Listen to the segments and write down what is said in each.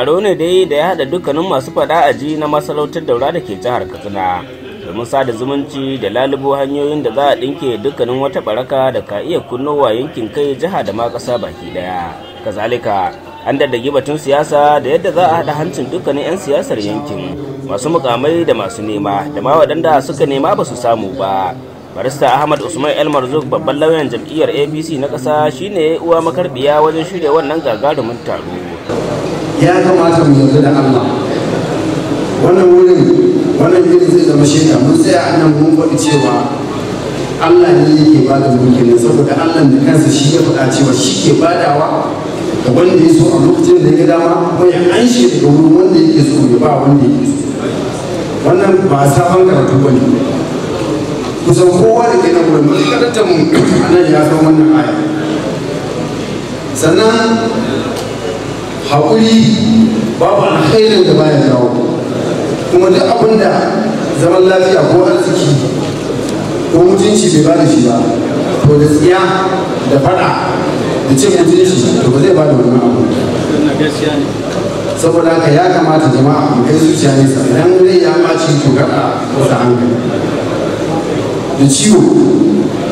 taro ne dai da ya haɗa dukkanin masu faɗa a ji na masarautar daura da ke jihar katsina domin sada zumunci da lalubo hanyoyin da za a ɗinke dukkanin wata baraka da ka iya kunnowa yankin kai jiha da ma ƙasa baki ɗaya kazalika an daddagi batun siyasa da yadda za a haɗa hancin dukkanin 'yan siyasar yankin masu mukamai da masu nema da ma waɗanda suka nema ba su samu ba barista ahmad usman el marzuk babban lauyan jam'iyyar apc na ƙasa shine uwa makarbiya wajen shirya wannan gagarumin taro ya kamata mu yarda da Allah wannan wurin wannan wurin zai zama shaida mun tsaya a nan mun faɗi cewa Allah ne yake ba da mulki ne saboda Allah da kansa shi ya faɗa cewa shi ke badawa ga wanda ya so a lokacin da ya dama ko ya anshe daga wurin wanda yake so ya ba wanda yake so wannan ba sabon karatu ba ne kusan kowa da ke na wurin mun karanta mu a nan ya zo wannan aya sannan haƙuri babu alkhairin da baya dawo kuma duk abin da zaman lafiya ko arziki ko mutunci bai ba da shi ba to da tsiya da fada da cin mutunci to ba zai bada da abu saboda haka ya kamata jama'a mu kai zuciya ne idan wani ya ɓaci to gaɗa wata hankali da ciwo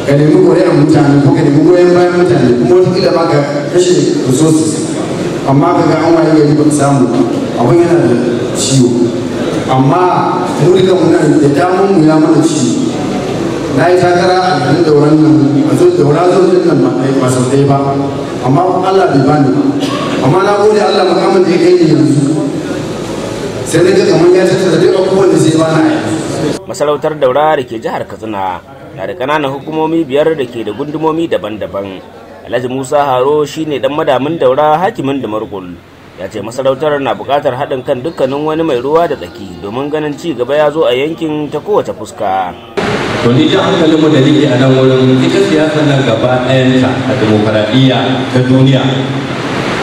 ka nemi ƙuri'ar mutane ko ka nemi goyon bayan mutane kuma wata ma ka kashe resources amma ka ga an waye gari ba samu abin yana da ciwo amma mu duka muna da damun mu ya mana ci na yi takara a da wurin nan a zo daura zo din nan ba sau ɗaya ba amma Allah bai bani ba amma na gode Allah makamin da ya kai ni yanzu sai na ga kamar ya tattara duk abubuwan da sai ba na masarautar daura da ke jihar Katsina na da ƙananan hukumomi biyar da ke da gundumomi daban-daban alhaji musa haro shine dan madamin daura hakimin da margul ya ce masarautar na bukatar haɗin kan dukkanin wani mai ruwa da tsaki domin ganin ci gaba ya zo a yankin ta kowace fuska to ni jan hankalin mu da nake a nan wurin ita siyasar nan gaba ɗayanta a demokaradiyya ta duniya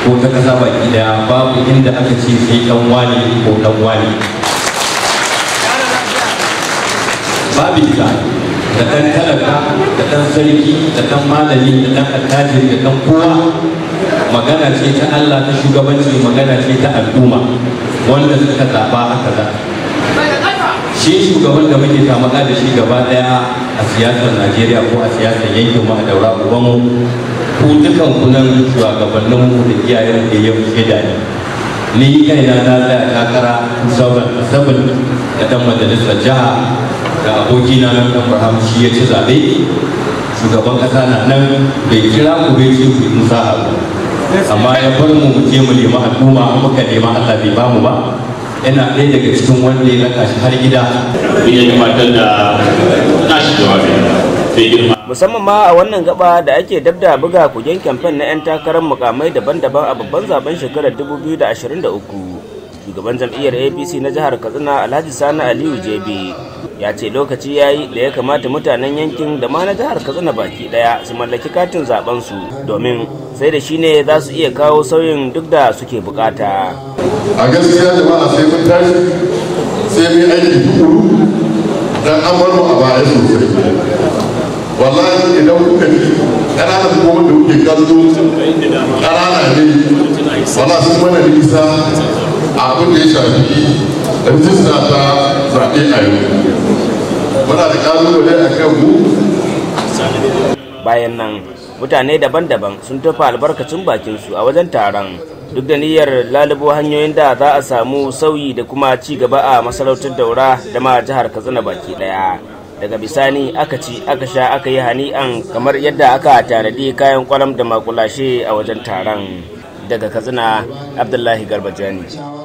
ko ta kasa baki daya babu inda aka ce sai ɗan wani ko ɗan wani babu ita da ɗan talaka da ɗan sarki da ɗan malami da ɗan attajiri da ɗan kowa magana ce ta Allah ta shugabanci magana ce ta al'umma wanda suka zaba haka za shi shugaban da muke kama da shi gaba daya a siyasar najeriya ko a siyasar yankin ma a daura ubanmu ku dukan kunan shugabannin mu da iyayen da ya fi da ni ni kaina na da takara 2007 da dan majalisar jiha da abokina nan abraham shi ya ci zaɓe shugaban ƙasa na nan bai kira ku bai ce ku in amma ya bar mu mu je mu nema al'umma muka nema allah bai bamu ba yana ɗaya daga cikin wanda ya raka shi har gida ya matan da jawabi musamman ma a wannan gaba da ake dab da buga kujen kamfen na 'yan takarar mukamai daban-daban a babban zaben shekarar 2023 shugaban jam'iyyar apc na jihar katsina alhaji sani aliyu jebe ya ce lokaci ya yi da ya kamata mutanen yankin da ma na jihar katsina baki daya su mallaki katin zaben su domin sai da shine za su iya kawo sauyin duk da suke bukata a gaskiya jama'a sai mun tashi sai mun aiki tukuru dan an bar mu a baya sosai wallahi idan kuka ji ƙananan kuma da kuke kallo ƙanana ne wallahi sun mana nisa abin ya shafi rijista ta zaɓe a yau muna da ƙalubale a kan mu bayan nan mutane daban-daban sun tafa albarkacin bakinsu a wajen taron duk da niyyar lalubo hanyoyin da za a samu sauyi da kuma ci gaba a masarautar daura da ma jihar katsina baki daya daga bisani aka ci aka sha aka yi hani'an kamar yadda aka tanadi kayan kwalam da makulashe a wajen taron daga katsina abdullahi garba garbajani